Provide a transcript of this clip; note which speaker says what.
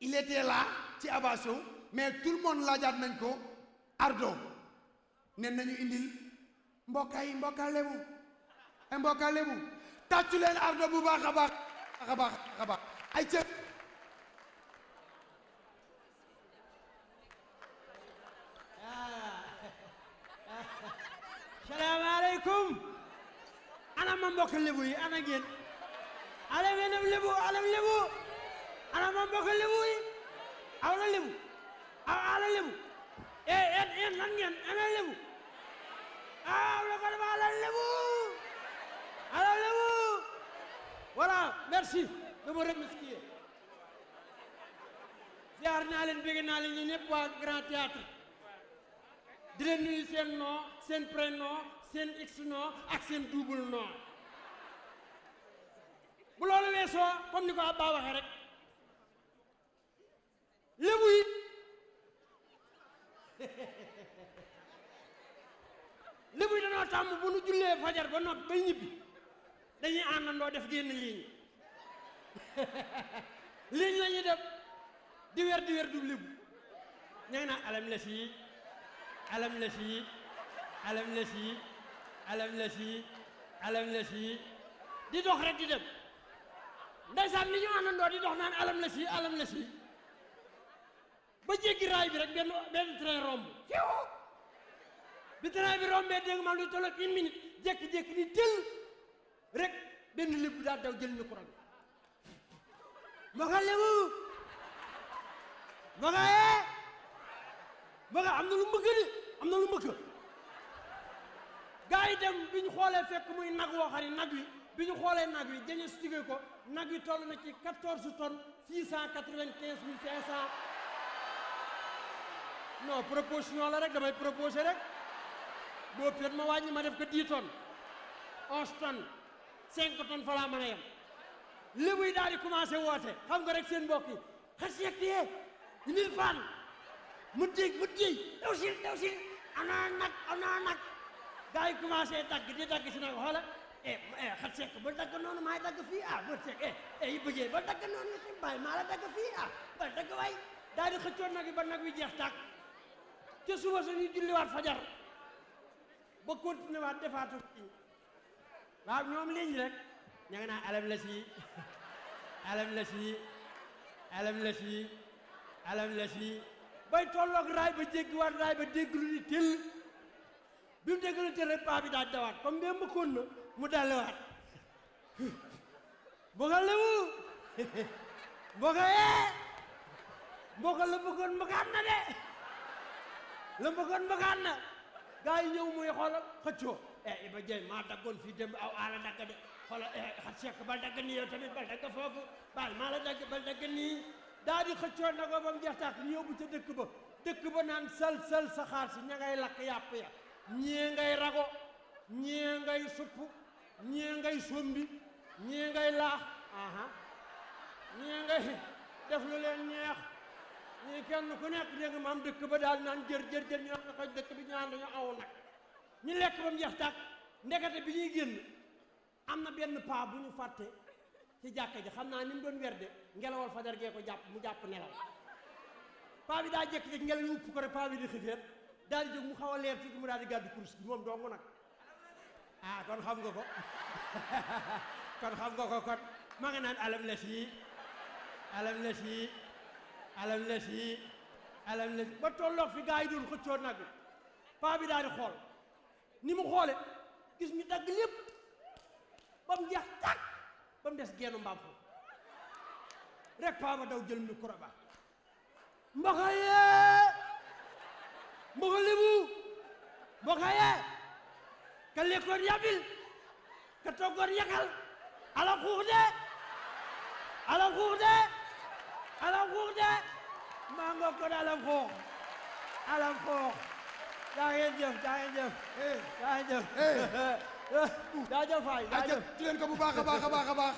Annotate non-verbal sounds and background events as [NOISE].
Speaker 1: il était là ci Abasso mais tout le laajaat nañ ko ardo ne nañu indil mbokka yi mbokka lebu ay eh, mbokka lebu tàccu leen ardo bu baax a baax a baax a ah. [LAUGHS] ana ma mbokk lebu yi ana ngeen alam lebu alam lebu ana ma mbokk limu yi aw na limu aw ala limu ee eh, en eh, en eh, nan ngeen ana limu aw na ko dama ala limu ala limu voilà merci de me remercier ziar naa leen bëgg naa leen ñu ñëpp waa grand théâtre di nuyu seen nom seen prénom seen x nom ak seen double nom bu weesoo comme ni ko Abba waxee rek lébu yi [LAUGHS] lébu yi dañoo tàmm bu nu jullee fajar ba noppi ba ñibbi dañuy àndandoo def génn ligne [LAUGHS] ligne la ñuy def di wer di wer du lébu ña ngi naan alam la sii alam la alam la alam la di dox rek di dem ndeysaan li ñu àndandoo di dox naan alam la sii alam la ba jéggi raay bi rek benn benn train romb fiw bi train bi rombee dégg man lu tolloog une minute jékki-jékki ni tël rek benn lépp daal jël micro bi ma nga lebu ee ma am na lu mbëkk di am na lu mbëkk gars yi bi ñu xoolee fekk muy nag woo xam nag wi bi ñu xoolee nag wi jañe su ko nag wi toll na ci quatorze tonnes six cent quatre-vingt-quinze mille cinq non proposition la rek damay rek boo pét ma wàññi ma def ko 10 tonnes 11 tonnes 5 tonnes fa laa a yem lébuy daal di commencé woote xam nga rek seen mbokk yi xas yegg yee mille fan mu déy mu déy daw si daw si ana nag ana nag gars yi commencé dagg di dagg si nag xoola eh xat sekk ba dagg noonu maay dagg fii a ah, bët sekk eh eh yi bëggee ba dagg noonu nga si bàyyi maa la dagg fii ah ba dagg waay daal di xëccoon nag yi nag wi jeex tàkk ca suba sa ñu julliwaat fajar ba continué waat defaatu liñ waaw ñoom liñ rek ña nga naan alam la si alam la si alam la si alam la raay ba jéggiwaat raay ba dégglu ni tëll bi mu dégglu tëll rek paa bi daal dawaat comme bee mbëkkoon na mu dalliwaat mbogal la wu mboga yee mbogal la bëggoon mbogaat na de la mbëggoon mbëggaan na gaa yi ñëw muy xoolal xëccoo eh Iba Dieng maa daggoon fii dem aw aala dagg de xoolal eh xat Cheikh bal dagg nii yow tamit bal dagg foofu bal maa la dagg bal dagg nii daa di xëccoo nagoo ba mu jeex tax ñu yóbbu ca dëkk ba dëkk ba naan sal sal saxaar si ña ngay lakk yàpp ya ñee ngay rago ñee ngay supp ñee ngay sombi ñee ngay laax aha ñee ngay [LAUGHS] def lu leen neex kenn ku nekk dégg maam dëkk ba daal naan jër jër jër ñu naan la xoj dëkk ñu naan dañu aw nag ñu lekk ba mu jeex tàkk ndekete bi ñuy génn am na benn paa bu ñu fàtte ci jàkka ji xam naa ni mu doon werde ngelawal fajar gee ko jàpp mu jàpp nelaw paa bi daa jékki-jékki ngelaw ñu upp ko rek paa bi di xifeet daal di mu xaw a leer tuuti mu daal di gàddu kurus gi moom dong nag ah kon xam nga ko [LAUGHS] kon xam nga ko kon ma nga naan alam la sii alam la alal les yi alal les ba fi gars yi doon xëccoo nag bi paa bi daal di xool ni mu xoole gis ñu dagg lépp ba mu jeex tàkk ba mu des geenu rek paa daw jël micro ba mboxa yee mboxa libu ka lekkoon yabil ka toggoon yakal ala xuux de ala xuux de ala xuux de mango kon alam xoox alam xoox daa ngeen jëf daa jëf daa jëf [LAUGHS] daa jëf waay jëf leen ko bu baax a baax a baax a